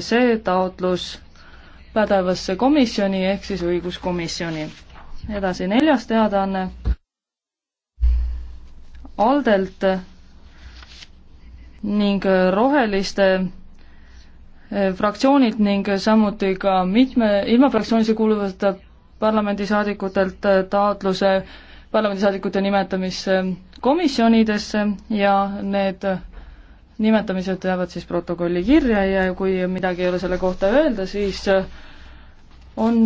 see taotlus pädevasse komisjoni ehk siis õiguskomisjoni. edasi neljas teadaanne. Aldelt ning Roheliste eh, fraktsioonilt ning samuti ka mitme, ilma fraktsioonisse kuuluvate parlamendisaadikutelt eh, taotluse parlamendisaadikute nimetamisse komisjonidesse ja need nimetamised jäävad siis protokolli kirja ja kui midagi ei ole selle kohta öelda, siis äh, on